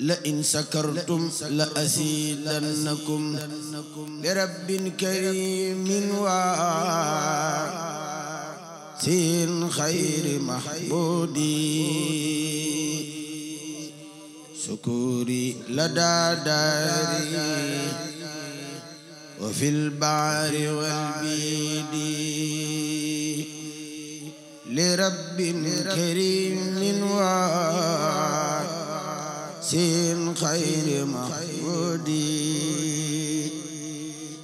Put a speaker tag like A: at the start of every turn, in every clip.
A: la in sakartum la asidannakum li rabbin karimin waa sin xayri mahbudi sukuri la daadaari wa fil baari wal biidi li rabbin karimin waa sin xayri mahmudi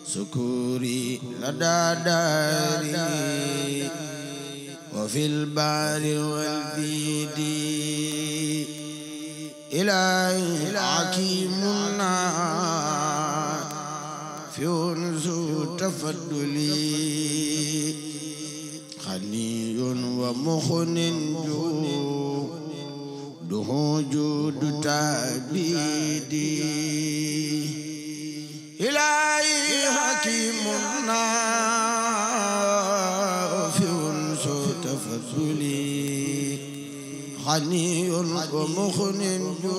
A: sukuri lada dari wa fil bari wal bidi ilahi akimuna fi unzu tafadduli xaniyun wa muxnin juu du hujudu tabidi ilahi hakimun nafiun so tafasuli haniyun wa mukhnin ju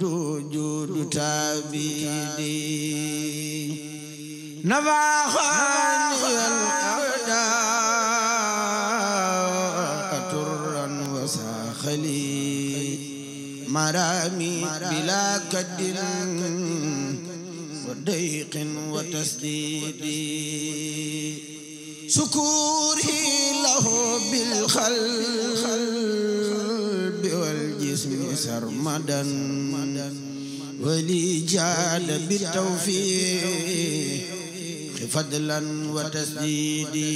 A: du judu tabidi nafaxani مرامي بلا كد وضيق وتسديد شكوره له بالقلب والجسم سرمدا ولي جاد بالتوفيق فضلا وتسديدي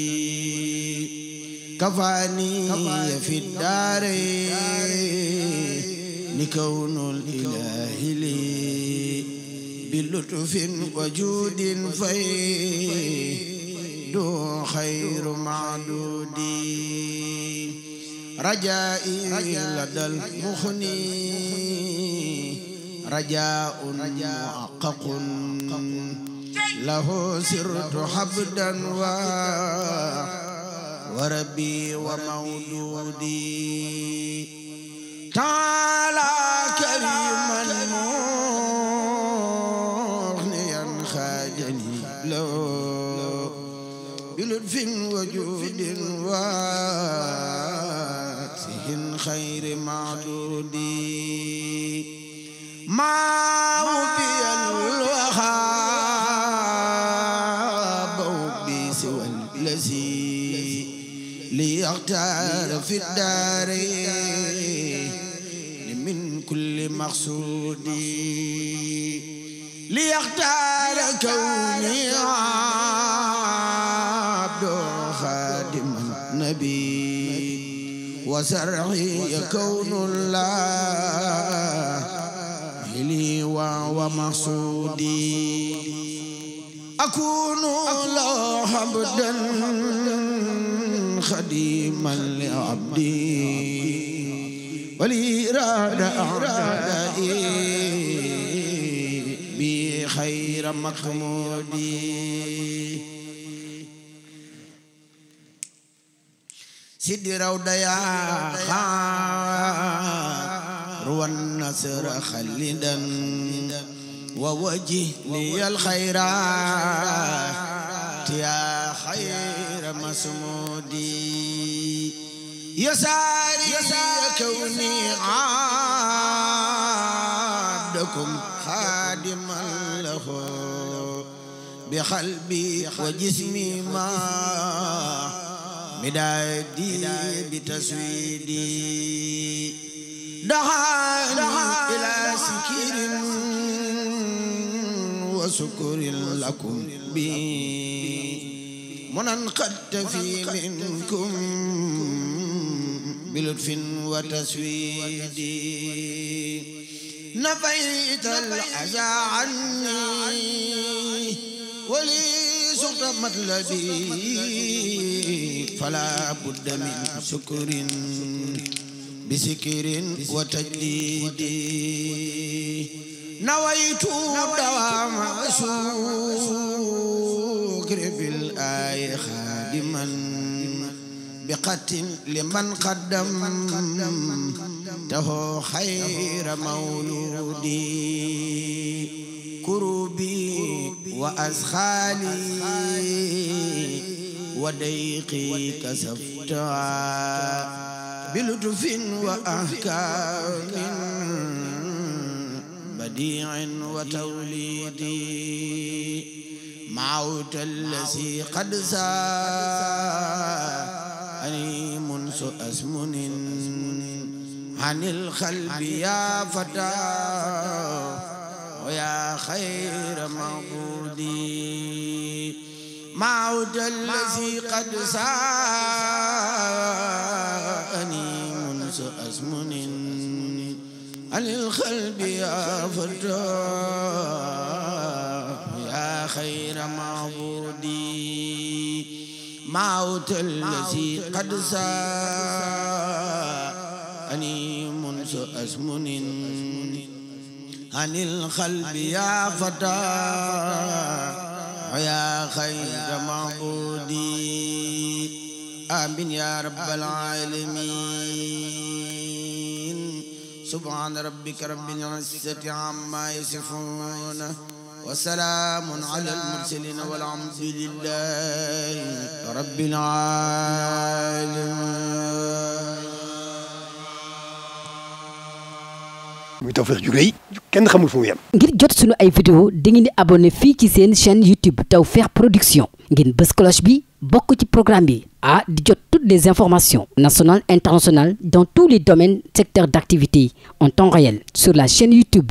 A: كفاني في الدارين لكون الإله لي بلطف وجود فيد خير معدود رجائي لدى المخني رجاء محقق
B: له سرت
A: حبدا وربي ومولودي تعالى كريما مغنيا خادني له بلطف وجود واسه خير معدود ما وبي الوهاب بسوى الذي ليختار في الدارين مقصودي ليختار كوني عبد خادم النبي وسرعي كون الله لي ومقصودي أكون له عبدا خديما لعبدي ولإرادة أعدائي بي خير مقمودي سيدي روضة يا خار والنصر خلدا ووجه لي الخيرات يا خير مسمودي يساري كوني عبدكم خادما له بقلبي وجسمي ما مدادي بتسويدي دعاني إلى سكر وسكر لكم بي منن قد في منكم بلطف وتسويد نفيت الأذى عني ولي سقط مطلبي فلا بد من شكر بسكر وتجديد نويت دوام سكر بالآي خادما bi xattin li man xaddam taxoo xayra mawludi kurubi wa asxaali wa dayqi kasafta bi lutfin wa ahkaamin badiin wa tawlidi maawta allasi qad saa تعليم سأسمن عن الخلب يا فتى ويا خير مغودي معود الذي قد ساءني منذ أزمن عن الخلب يا فتى يا خير معبودي موت الذي قد ساءني منذ أزمن عن القلب يا فتى يا خير معبودي آمين يا رب العالمين سبحان ربك رب العزة عما يصفون وسلام على المرسلين والحمد لله رب العالمين muy Tawfekh kenn xamul fu mu ngir jot sunu ay vidéo dangeen di abonné fii ci seen chaîne YouTube Tawfekh Production ngeen bës bi bokk ci programme bi ah di jot toutes les informations national internationales dans tous les domaines secteurs d'activité en temps réel sur la chaîne YouTube